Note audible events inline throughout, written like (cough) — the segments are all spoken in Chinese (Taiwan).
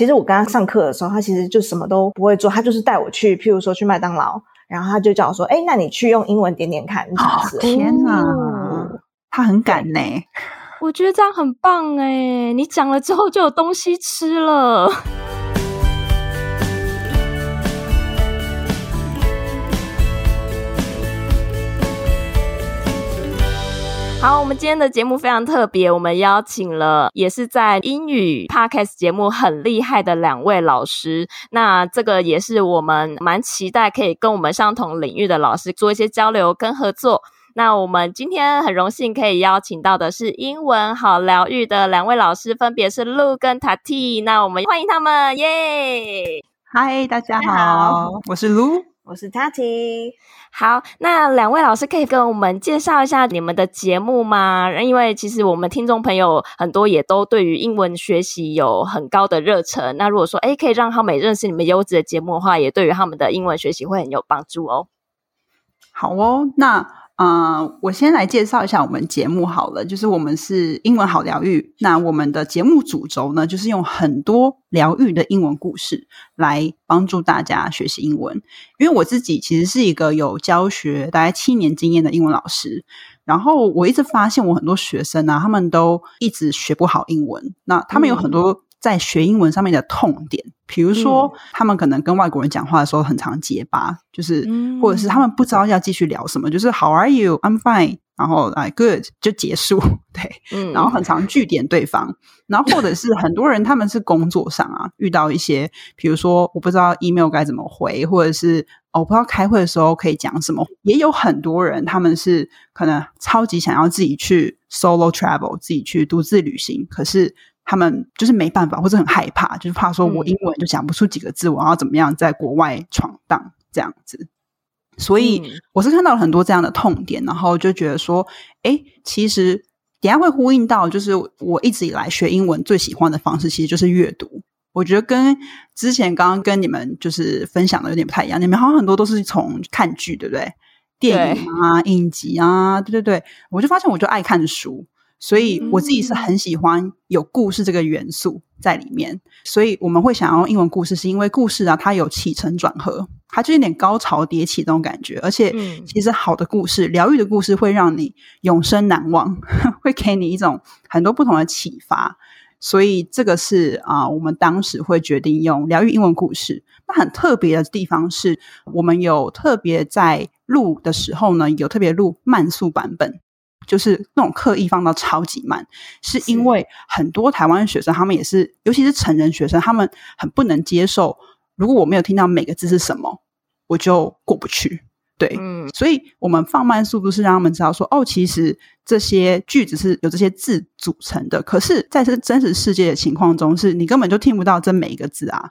其實我剛剛上課的時候，他其實就什麼都不會做，他就是帶我去，譬如說去麥當勞，然後他就叫我說：“哎，那你去用英文點點看。你哦”天哪，嗯，他很敢呢，欸！我覺得這樣很棒哎，欸，你講了之後就有東西吃了。好，我們今天的節目非常特別，我們邀請了也是在英語 podcast 節目很厲害的兩位老師。那這個也是我們蠻期待可以跟我們相同領域的老師做一些交流跟合作。那我們今天很榮幸可以邀請到的是英文好療癒的兩位老師，分別是 Lu 跟 Tati。那我們歡迎他們耶！嗨、yeah!，大家好，大家好，我是 Lu 我是 Tati，好，那兩位老師可以跟我們介紹一下你們的節目嗎？因為其實我們聽眾朋友很多也都對於英文學習有很高的熱忱，那如果說哎可以讓他們認識你們優質的節目的話，也對於他們的英文學習會很有幫助哦。好哦，那，啊，uh, 我先來介紹一下我們節目好了，就是我們是英文好療癒。那我們的節目主軸呢，就是用很多療癒的英文故事來幫助大家學習英文。因為我自己其實是一個有教學大概七年經驗的英文老師，然後我一直發現我很多學生啊，他們都一直學不好英文，那他們有很多在學英文上面的痛點。比如說，嗯、他們可能跟外國人講話的時候很常結巴，就是、嗯、或者是他們不知道要繼續聊什麼，就是 How are you? I'm fine. 然後 I、uh, good 就結束，對，嗯、然後很常句點對方，然後或者是很多人他們是工作上啊 (laughs) 遇到一些，比如說我不知道 email 該怎麼回，或者是我不知道開會的時候可以講什麼。也有很多人他們是可能超級想要自己去 solo travel，自己去獨自旅行，可是，他們就是沒辦法，或者很害怕，就是怕說，我英文就講不出幾個字，我要、嗯、怎麼樣在國外闖蕩這樣子。所以我是看到了很多這樣的痛點，然後就覺得說，哎，其實等下會呼應到，就是我一直以來學英文最喜歡的方式，其實就是閱讀。我覺得跟之前剛剛跟你們就是分享的有點不太一樣，你們好像很多都是從看劇，對不對？電影啊，影對集啊，對對對，我就發現我就愛看書。所以我自己是很喜歡有故事這個元素在裡面，所以我們會想要用英文故事，是因為故事啊，它有起承轉合，它就有點高潮迭起這種感覺，而且其實好的故事，療癒、嗯、的故事會讓你永生難忘，會給你一種很多不同的啟發。所以這個是啊、呃，我們當時會決定用療癒英文故事。那很特別的地方是，我們有特別在錄的時候呢，有特別錄慢速版本。就是那種刻意放到超級慢，是因為很多台灣學生他們也是，尤其是成人學生，他們很不能接受。如果我沒有聽到每個字是什麼，我就過不去。對，嗯，所以我們放慢速度是讓他們知道說，哦，其實這些句子是由這些字組成的。可是，在這真實世界的情況中，是你根本就聽不到這每一個字啊。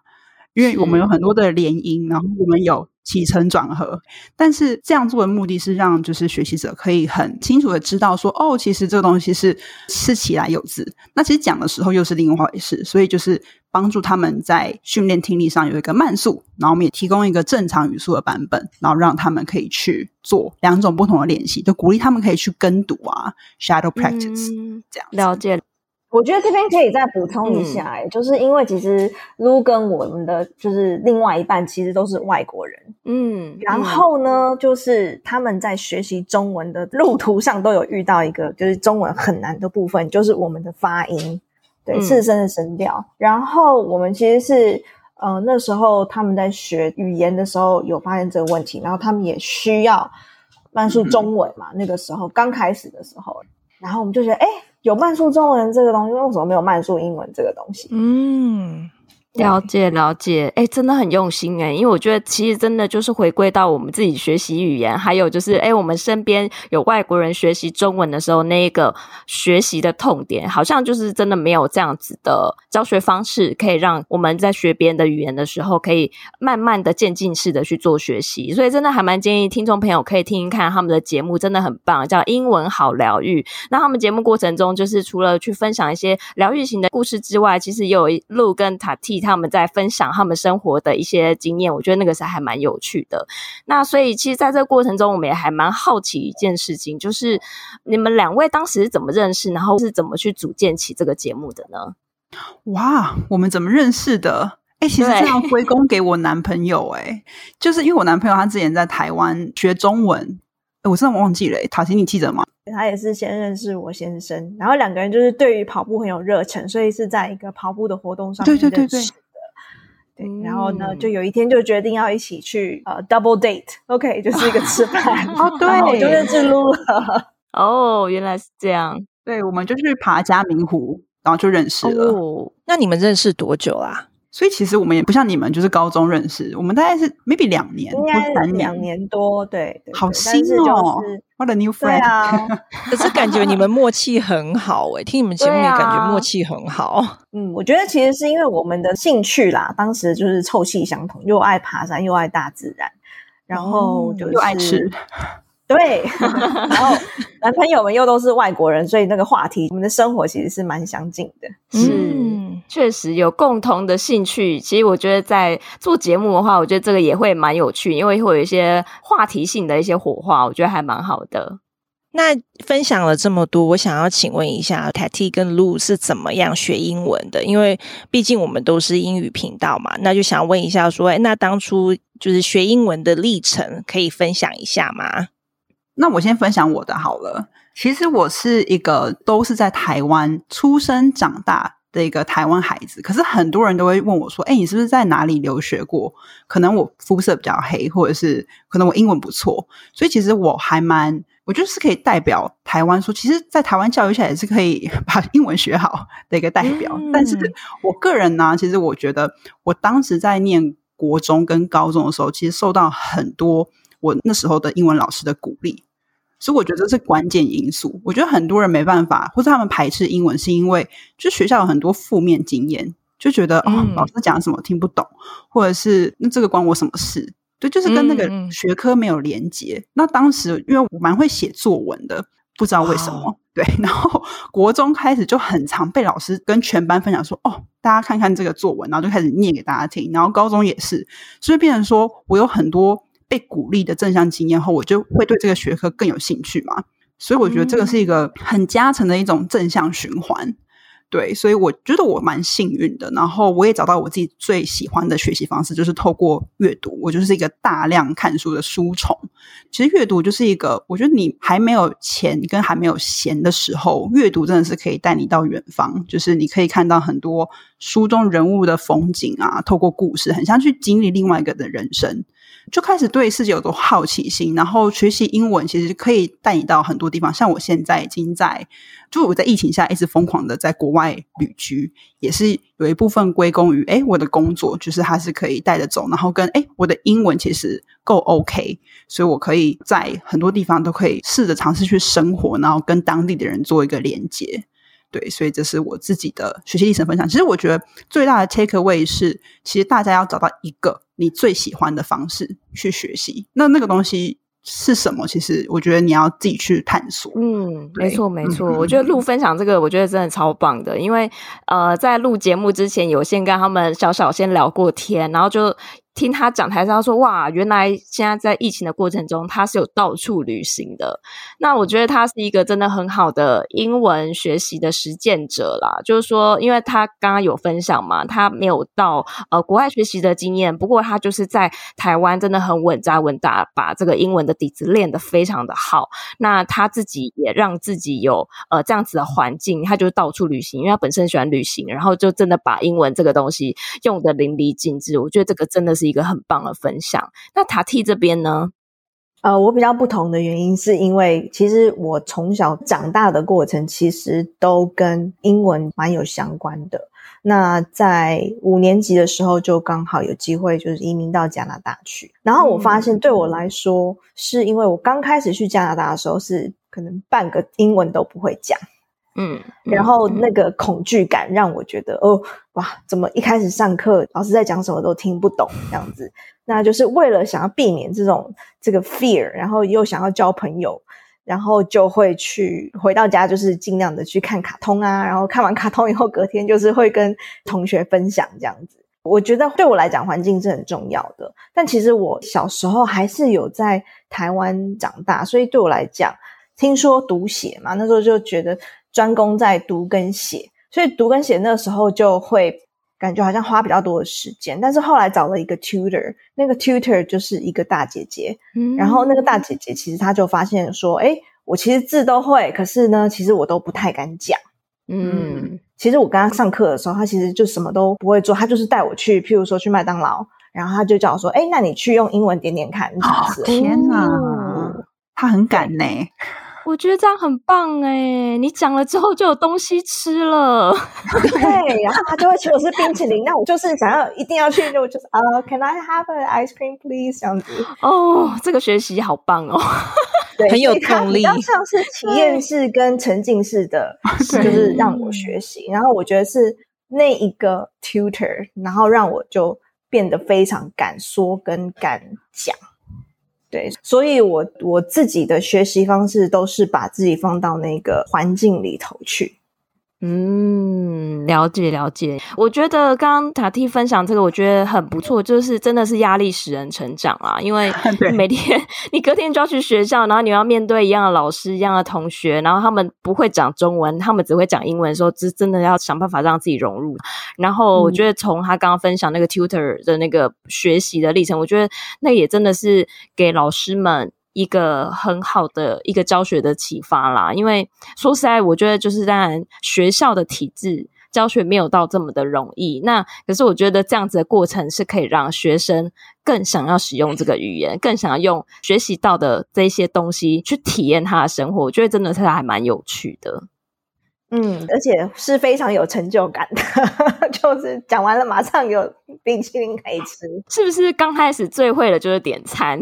因為我們有很多的聯音，是然後我們有起承轉合，嗯、但是這樣做的目的是讓就是學習者可以很清楚的知道說，哦，其實這個東西是吃起來有字，那其實講的時候又是另外一回事，所以就是幫助他們在訓練聽力上有一個慢速，然後我們也提供一個正常語速的版本，然後讓他們可以去做兩種不同的練習，就鼓勵他們可以去跟讀啊，shadow practice，、嗯、這樣子，了解了。我覺得這邊可以再補充一下，欸，誒、嗯、就是因為其實 Lu 跟我們的就是另外一半其實都是外國人，嗯，然後呢，嗯、就是他們在學習中文的路途上都有遇到一個就是中文很難的部分，就是我們的發音，對，四聲的聲調。嗯、然後我們其實是，呃，那時候他們在學語言的時候有發現這個問題，然後他們也需要慢速中文嘛，嗯、那個時候剛開始的時候。然後我們就覺得，哎，有慢速中文這個東西，為什麼沒有慢速英文這個東西？嗯。了解，了解，哎、欸，真的很用心哎、欸，因為我覺得其實真的就是回歸到我們自己學習語言，還有就是哎、欸，我們身邊有外國人學習中文的時候，那一個學習的痛點，好像就是真的沒有這樣子的教學方式，可以讓我們在學別人的語言的時候，可以慢慢的漸進式的去做學習。所以真的還蠻建議聽眾朋友可以聽一看他們的節目，真的很棒，叫英文好療癒。那他們節目過程中，就是除了去分享一些療癒型的故事之外，其實也有 Lu 跟 Tati。他們在分享他們生活的一些經驗，我覺得那個是還蠻有趣的。那所以，其實在這個過程中，我們也還蠻好奇一件事情，就是你們兩位當時是怎麼認識，然後是怎麼去組建起這個節目的呢？哇，我們怎麼認識的？哎、欸，其實這要歸功給我男朋友、欸，哎， (laughs) 就是因為我男朋友他之前在台灣學中文。我我真的忘記了，Tati，你記得嗎？他也是先認識我先生，然後兩個人就是對於跑步很有熱忱，所以是在一個跑步的活動上面認識的。對，對，對，對，對嗯、然後呢，就有一天就決定要一起去呃 double date，OK，、okay, 就是一個吃飯。 (laughs) 哦，對，我就認識露了。哦，原來是這樣。對，我們就去爬嘉明湖，然後就認識了。哦、那你們認識多久啦、啊？所以其實我們也不像你們，就是高中認識，我們大概是 maybe 兩年，應該兩年，年兩年多，對，對對好新哦，我的、就是、new friend，可、啊、 (laughs) 是感覺你們默契很好哎、欸， (laughs) 聽你們節目也感覺默契很好、啊。嗯，我覺得其實是因為我們的興趣啦，當時就是臭氣相同，又愛爬山，又愛大自然，然後就是嗯、愛吃。 (laughs) 對，然後男朋友們又都是外國人， (laughs) 所以那個話題， (laughs) 我們的生活其實是蠻相近的。是，嗯、確實有共同的興趣。其實我覺得在做節目的話，我覺得這個也會蠻有趣，因為會有一些話題性的一些火花，我覺得還蠻好的。那分享了這麼多，我想要請問一下，Tati 跟 Lu 是怎麼樣學英文的？因為畢竟我們都是英語頻道嘛，那就想問一下說，說哎，那當初就是學英文的歷程，可以分享一下嗎？那我先分享我的好了。其實我是一個都是在台灣出生長大的一個台灣孩子，可是很多人都會問我說：“哎、欸，你是不是在哪裡留學過？”可能我膚色比較黑，或者是可能我英文不錯，所以其實我還蠻，我就是可以代表台灣說，其實，在台灣教育下也是可以把英文學好的一個代表。嗯、但是我個人呢、啊，其實我覺得，我當時在念國中跟高中的時候，其實受到很多我那時候的英文老師的鼓勵。所以我覺得這是關鍵因素。我覺得很多人沒辦法，或者他們排斥英文，是因為就學校有很多負面經驗，就覺得、嗯、哦，老師講什麼我聽不懂，或者是那這個關我什麼事？對，就是跟那個學科沒有連接。嗯、那當時因為我蠻會寫作文的，不知道為什麼，啊、對。然後國中開始就很常被老師跟全班分享說：“哦，大家看看這個作文。”然後就開始念給大家聽。然後高中也是，所以變成說我有很多，被鼓勵的正向經驗後，我就會對這個學科更有興趣嘛。對所以我覺得這個是一個很加成的一種正向循環。對，所以我覺得我蠻幸運的。然後我也找到我自己最喜歡的學習方式，就是透過閱讀。我就是一個大量看書的書蟲。其實閱讀就是一個，我覺得你還沒有錢跟還沒有閒的時候，閱讀真的是可以帶你到遠方。就是你可以看到很多書中人物的風景啊，透過故事，很像去經歷另外一個的人生。就開始對世界有多好奇心，然後學習英文其實可以帶你到很多地方。像我現在已經在，就我在疫情下一直瘋狂的在國外旅居，也是有一部分歸功於哎、欸、我的工作就是它是可以帶着走，然後跟哎、欸、我的英文其實夠 OK，所以我可以在很多地方都可以試着嘗試去生活，然後跟當地的人做一個連結。對，所以這是我自己的學習歷程分享。其實我覺得最大的 takeaway 是，其實大家要找到一個你最喜歡的方式去學習。那那個東西是什麼？嗯、其實我覺得你要自己去探索。嗯對沒，沒錯沒錯。嗯、哼我覺得錄分享這個，我覺得真的超棒的，因為呃，在錄節目之前，有先跟他們小小先聊過天，然後就。聽他講台上說，哇，原來現在在疫情的過程中，他是有到處旅行的。那我覺得他是一個真的很好的英文學習的實踐者啦。就是說，因為他剛剛有分享嘛，他沒有到呃國外學習的經驗，不過他就是在台灣真的很穩紮穩打，把這個英文的底子練得非常的好。那他自己也讓自己有呃這樣子的環境，他就到處旅行，因為他本身喜歡旅行，然後就真的把英文這個東西用得淋漓盡致。我覺得這個真的是。一個很棒的分享。那塔蒂這邊呢？呃，我比較不同的原因，是因為其實我從小長大的過程，其實都跟英文蠻有相關的。那在五年級的時候，就剛好有機會，就是移民到加拿大去。然後我發現，對我來說，是因為我剛開始去加拿大的時候，是可能半個英文都不會講。嗯，嗯嗯，然後那個恐懼感讓我覺得哦，哇，怎麼一開始上課老師在講什麼都聽不懂這樣子。那就是為了想要避免這種這個 fear，然後又想要交朋友，然後就會去回到家，就是盡量的去看卡通啊，然後看完卡通以後隔天就是會跟同學分享這樣子。我覺得對我來講，環境是很重要的，但其實我小時候還是有在台灣長大，所以對我來講，聽說讀寫嘛，那時候就覺得。專攻在讀跟寫，所以讀跟寫那時候就會感覺好像花比較多的時間。但是後來找了一個 tutor，那個 tutor 就是一個大姐姐，嗯，然後那個大姐姐其實她就發現說，哎，我其實字都會，可是呢，其實我都不太敢講。嗯，嗯其實我剛上課的時候，她其實就什麼都不會做，她就是帶我去，譬如說去麥當勞，然後她就叫我說，哎，那你去用英文點點看。啊哦、天吶、嗯、她很敢呢、欸。我覺得這樣很棒誒、欸，你講了之後就有東西吃了， (laughs) (laughs) 對。然後他就會請我吃冰淇淋， (laughs) 那我就是想要一定要去，就就是啊、uh,，Can I have an ice cream, please？這樣子。哦，oh, 這個學習好棒哦， (laughs) 對很有動力。比較像是體驗式跟沉浸式的，對就是讓我學習。 (laughs) 對然後我覺得是那一個 tutor，然後讓我就變得非常敢說跟敢講。對，所以我我自己的學習方式都是把自己放到那個環境裡頭去。嗯，了解了解。我覺得剛剛 Tati 分享這個，我覺得很不錯，就是真的是壓力使人成長啊。因為每天對 (laughs) 你隔天就要去學校，然後你要面對一樣的老師、一樣的同學，然後他們不會講中文，他們只會講英文，說這真的要想辦法讓自己融入。然後我覺得從他剛剛分享那個 tutor 的那個學習的歷程，我覺得那也真的是給老師們。一個很好的一個教學的啟發啦，因為說實在，我覺得就是當然學校的體制教學沒有到這麼的容易，那可是我覺得這樣子的過程是可以讓學生更想要使用這個語言，更想要用學習到的這些東西去體驗他的生活，我覺得真的是還蠻有趣的。嗯，而且是非常有成就感的， (laughs) 就是講完了馬上有冰淇淋可以吃，是不是？剛開始最會的就是點餐。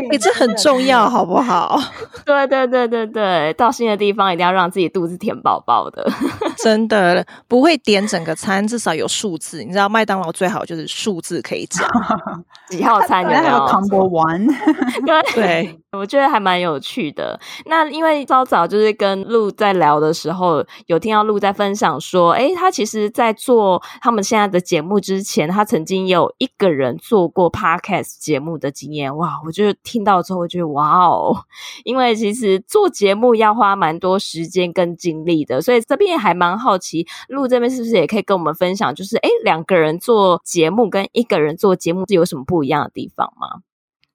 你、欸、這很重要，好不好？ (laughs) 對對對對對，到新的地方一定要讓自己肚子填飽飽的， (laughs) 真的不會點整個餐，至少有數字。你知道麥當勞最好就是數字可以講，哦、幾號餐有有，然後 combo one。 (laughs) 對，我覺得還蠻有趣的。那因為早早就是跟陸在聊的時候，有聽到陸在分享說，哎，他其實，在做他們現在的節目之前，他曾經有一個人做過 podcast 節目的經驗。哇，我覺得。聽到之後，就覺得哇哦！因為其實做節目要花蠻多時間跟精力的，所以這邊也還蠻好奇，Lu 這邊是不是也可以跟我們分享，就是誒，兩個人做節目跟一個人做節目，是有什麼不一樣的地方嗎？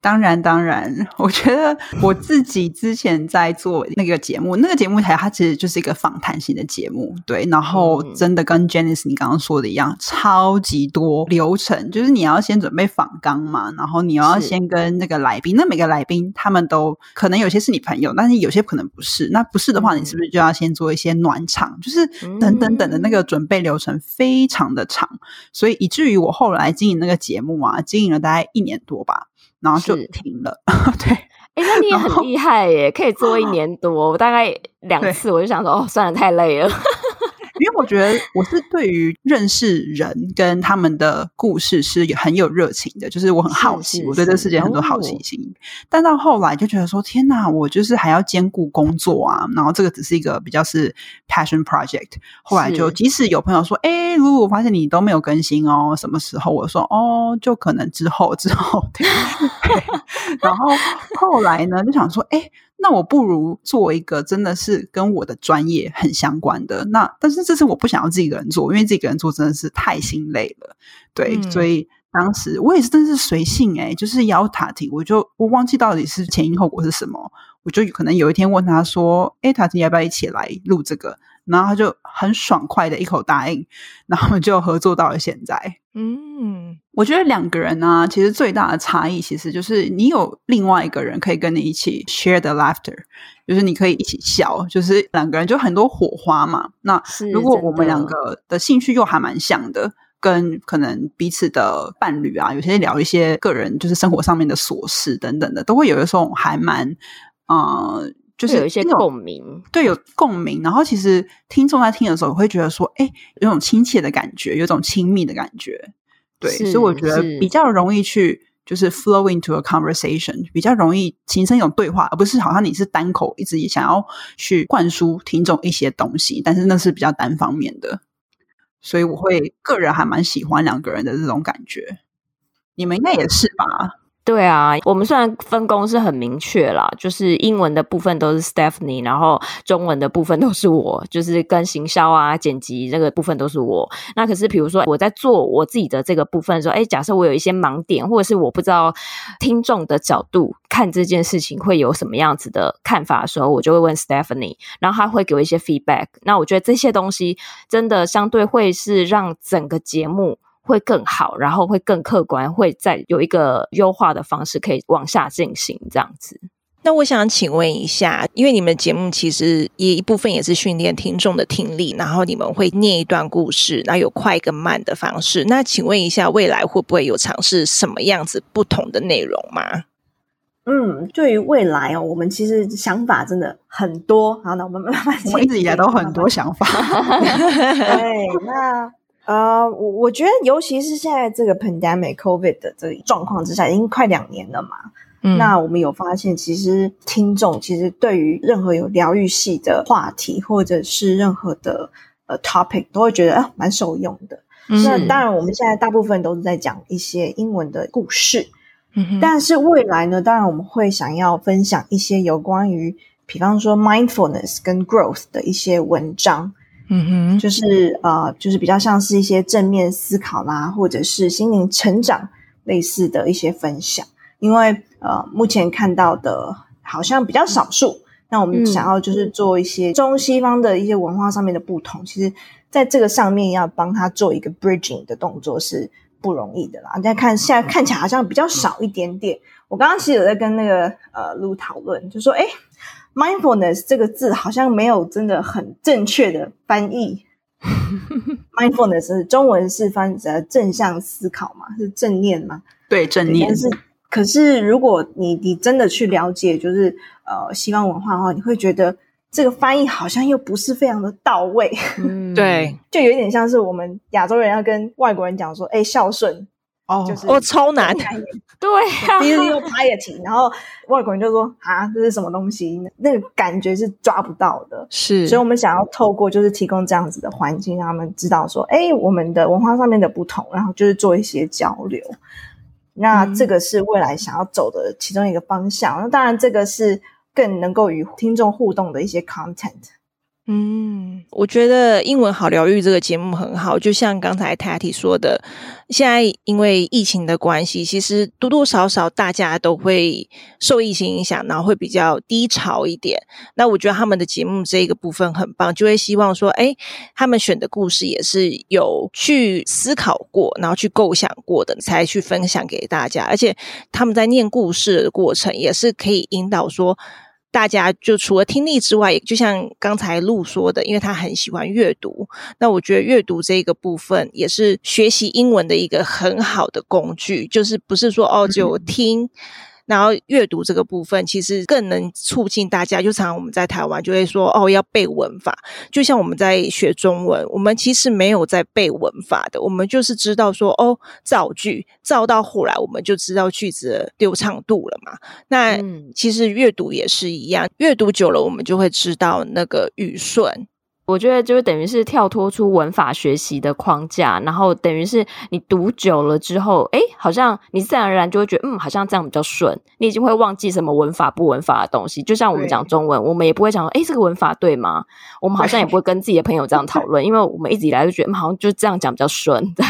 當然，當然，我覺得我自己之前在做那個節目，那個節目台，它其實就是一個訪談型的節目，對。然後真的跟 Janice 你剛剛說的一樣，超級多流程，就是你要先準備訪綱嘛，然後你要先跟那個來賓，是那每個來賓他們都可能有些是你朋友，但是有些可能不是。那不是的話，你是不是就要先做一些暖場，就是等等等的那個準備流程非常的長，所以以至於我後來經營那個節目啊，經營了大概一年多吧。然後就停了。對，哎，那你也很厲害耶，後可以做一年多，我大概兩次，我就想說，對哦，算了，太累了。 (laughs) 我覺得我是對於認識人跟他們的故事是很有熱情的，就是我很好奇，是是是我對這世界很多好奇心。哦、但到後來就覺得說，天吶，我就是還要兼顧工作啊，然後這個只是一個比較是 passion project。後來就即使有朋友說，哎是、欸，如果我發現你都沒有更新哦，什麼時候？我說，哦，就可能之後之後對。 (laughs) 然後後來呢，就想說，哎、欸。那我不如做一個真的是跟我的專業很相關的那。但是這次我不想要自己一個人做，因為自己一個人做真的是太心累了，對，嗯、所以當時我也是真是隨性誒、欸，就是邀塔提，我就我忘記到底是前因後果是什麼，我就可能有一天問他說，誒塔提，要不要一起來錄這個？然後他就很爽快的一口答應，然後就合作到了現在。嗯，我覺得兩個人呢、啊，其實最大的差異，其實就是你有另外一個人可以跟你一起 share the laughter，就是你可以一起笑，就是兩個人就很多火花嘛。那如果我們兩個的興趣又還蠻像的，跟可能彼此的伴侶啊，有些聊一些個人就是生活上面的瑣事等等的，都會有的時候還蠻，嗯、呃就是有一些共鳴，對，有共鳴。然後其實聽眾在聽的時候，會覺得說，哎，有種親切的感覺，有種親密的感覺，對。是所以我覺得比較容易去是就是 flow into a conversation，比較容易形成一種對話，而不是好像你是單口一直也想要去灌輸聽眾一些東西，但是那是比較單方面的。所以我會個人還蠻喜歡兩個人的這種感覺，你們應該也是吧？嗯對啊，我們雖然分工是很明確啦，就是英文的部分都是 Stephanie，然後中文的部分都是我，就是跟行銷啊、剪輯這個部分都是我。那可是比如說我在做我自己的這個部分的時候，誒，假設我有一些盲點，或者是我不知道聽眾的角度看這件事情會有什麼樣子的看法的時候，我就會問 Stephanie，然後他會給我一些 feedback。那我覺得這些東西真的相對會是讓整個節目。會更好，然後會更客觀，會再有一個優化的方式可以往下進行，這樣子。那我想請問一下，因為你們節目其實也一部分也是訓練聽眾的聽力，然後你們會念一段故事，然後有快跟慢的方式。那請問一下，未來會不會有嘗試什麼樣子不同的內容嗎？嗯，對於未來哦，我們其實想法真的很多。好，那我們慢慢，一直以來都很多想法。 (laughs) (laughs) 對，那。呃，我、uh, 我覺得，尤其是現在這個 pandemic COVID 的這個狀況之下，已經快兩年了嘛。嗯、那我們有發現，其實聽眾其實對於任何有療癒系的話題，或者是任何的呃、uh, topic，都會覺得啊，蠻受用的。嗯、那當然，我們現在大部分都是在講一些英文的故事。嗯、哼但是未來呢，當然我們會想要分享一些有關於，比方說 mindfulness 跟 growth 的一些文章。嗯嗯， (noise) 就是呃，就是比較像是一些正面思考啦，或者是心靈成長類似的一些分享。因為呃，目前看到的好像比較少數。那我們想要就是做一些中西方的一些文化上面的不同，其實在這個上面要幫他做一個 bridging 的動作是不容易的啦。大家看現在看起來好像比較少一點點。我剛剛其實有在跟那個呃 Lu 討論，就說誒。欸 mindfulness 這個字好像沒有真的很正確的翻譯，mindfulness 中文是翻譯的正向思考嘛，是正念嘛。對，正念是。可是如果你你真的去了解，就是呃西方文化的話，你會覺得這個翻譯好像又不是非常的到位。對、嗯， (laughs) 就有點像是我們亞洲人要跟外國人講說，哎，孝順。就是、哦，我、哦、超難，對呀、啊，畢竟又也停，然後外國人就說啊，這是什麼東西？那個感覺是抓不到的，是，所以我們想要透過就是提供這樣子的環境，讓他們知道說，哎，我們的文化上面的不同，然後就是做一些交流。那這個是未來想要走的其中一個方向。那、嗯、當然，這個是更能夠與聽眾互動的一些 content。嗯，我覺得英文好療癒這個節目很好，就像剛才 Tati 說的，現在因為疫情的關係，其實多多少少大家都會受疫情影響，然後會比較低潮一點。那我覺得他們的節目這個部分很棒，就會希望說，哎，他們選的故事也是有去思考過，然後去構想過的，才去分享給大家，而且他們在念故事的過程也是可以引導說。大家就除了聽力之外，也就像剛才露說的，因為他很喜歡閱讀，那我覺得閱讀這個部分也是學習英文的一個很好的工具，就是不是說哦，就聽。 (laughs) 然後閱讀這個部分，其實更能促進大家。就常常我們在台灣就會說，哦，要背文法。就像我們在學中文，我們其實沒有在背文法的，我們就是知道說，哦，造句，造到後來我們就知道句子的流暢度了嘛。那其實閱讀也是一樣，閱讀久了我們就會知道那個語順。我覺得就是等於是跳脫出文法學習的框架，然後等於是你讀久了之後，哎，好像你自然而然就會覺得，嗯，好像這樣比較順。你已經會忘記什麼文法不文法的東西，就像我們講中文，對我們也不會講，哎，這個文法對嗎？我們好像也不會跟自己的朋友這樣討論，對因為我們一直以來就覺得，嗯，好像就這樣講比較順，對。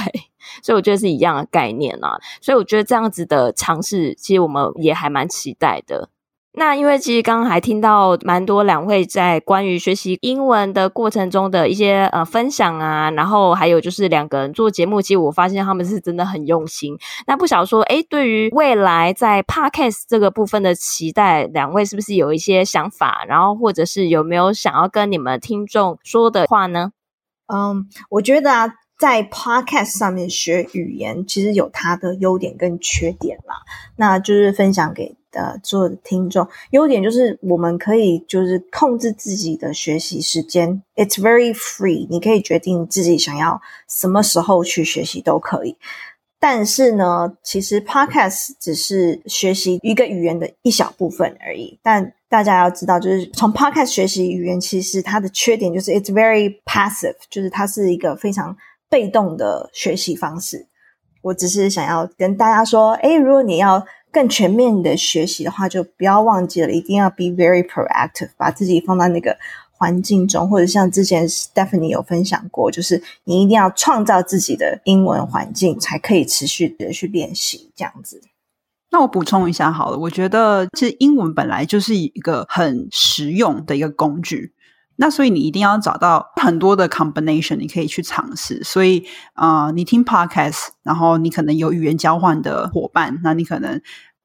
所以我覺得是一樣的概念啊。所以我覺得這樣子的嘗試，其實我們也還蠻期待的。那因為其實剛剛還聽到蠻多兩位在關於學習英文的過程中的一些呃分享啊，然後還有就是兩個人做節目，其實我發現他們是真的很用心。那不曉得說，誒，對於未來在 Podcast 這個部分的期待，兩位是不是有一些想法？然後或者是有沒有想要跟你們聽眾說的話呢？嗯，我覺得啊，在 Podcast 上面學語言其實有它的優點跟缺點啦。那就是分享給。呃，做的做聽眾，優點就是我們可以就是控制自己的學習時間，it's very free，你可以決定自己想要什麼時候去學習都可以。但是呢，其實 podcast 只是學習一個語言的一小部分而已。但大家要知道，就是從 podcast 學習語言，其實它的缺點就是 it's very passive，就是它是一個非常被動的學習方式。我只是想要跟大家說，誒，如果你要。更全面的學習的話，就不要忘記了，一定要 be very proactive，把自己放到那個環境中，或者像之前 Stephanie 有分享過，就是你一定要創造自己的英文環境，才可以持續的去練習，這樣子。那我補充一下好了，我覺得這英文本來就是一個很實用的一個工具。那所以你一定要找到很多的 combination，你可以去嘗試。所以啊、呃，你聽 podcast，然後你可能有語言交換的夥伴，那你可能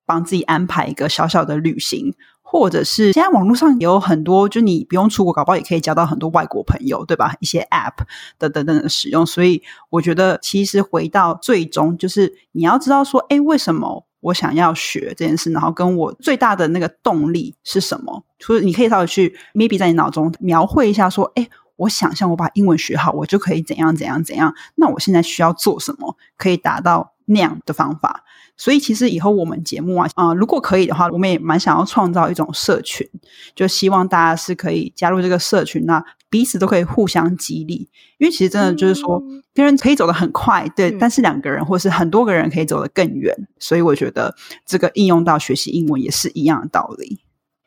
幫自己安排一個小小的旅行，或者是現在網絡上有很多，就你不用出國，搞不好也可以交到很多外國朋友，對吧？一些 app 的等等的使用。所以我覺得，其實回到最終，就是你要知道說，哎，為什麼？我想要學這件事，然後跟我最大的那個動力是什麼？就是你可以稍微去 maybe 在你腦中描繪一下，說：誒、欸，我想象我把英文學好，我就可以怎樣怎樣怎樣。那我現在需要做什麼，可以達到？那樣的方法，所以其實以後我們節目啊，啊、呃，如果可以的話，我們也蠻想要創造一種社群，就希望大家是可以加入這個社群、啊，那彼此都可以互相激勵，因為其實真的就是說，嗯、一個人可以走得很快，對，但是兩個人或是很多個人可以走得更遠，嗯、所以我覺得這個應用到學習英文也是一樣的道理。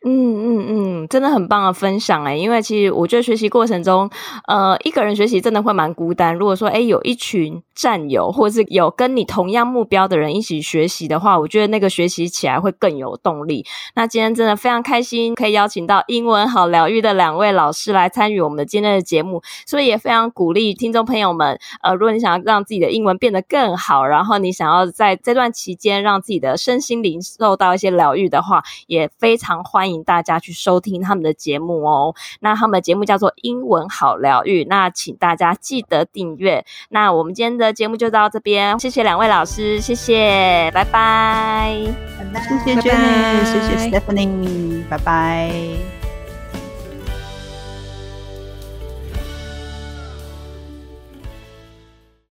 嗯嗯嗯，真的很棒的分享哎、欸！因為其實我覺得學習過程中，呃，一個人學習真的會蠻孤單。如果說哎，有一群戰友，或是有跟你同樣目標的人一起學習的話，我覺得那個學習起來會更有動力。那今天真的非常開心，可以邀請到英文好療癒的兩位老師來參與我們的今天的節目，所以也非常鼓勵聽眾朋友們。呃，如果你想要讓自己的英文變得更好，然後你想要在這段期間讓自己的身心靈受到一些療癒的話，也非常歡迎。歡迎大家去收聽他們的節目哦。那他們的節目叫做《英文好療癒》，那請大家記得訂閱。那我們今天的節目就到這邊，謝謝兩位老師，謝謝，拜拜，拜拜拜拜，謝謝 Jenny，謝謝 Stephanie，拜拜。Bye bye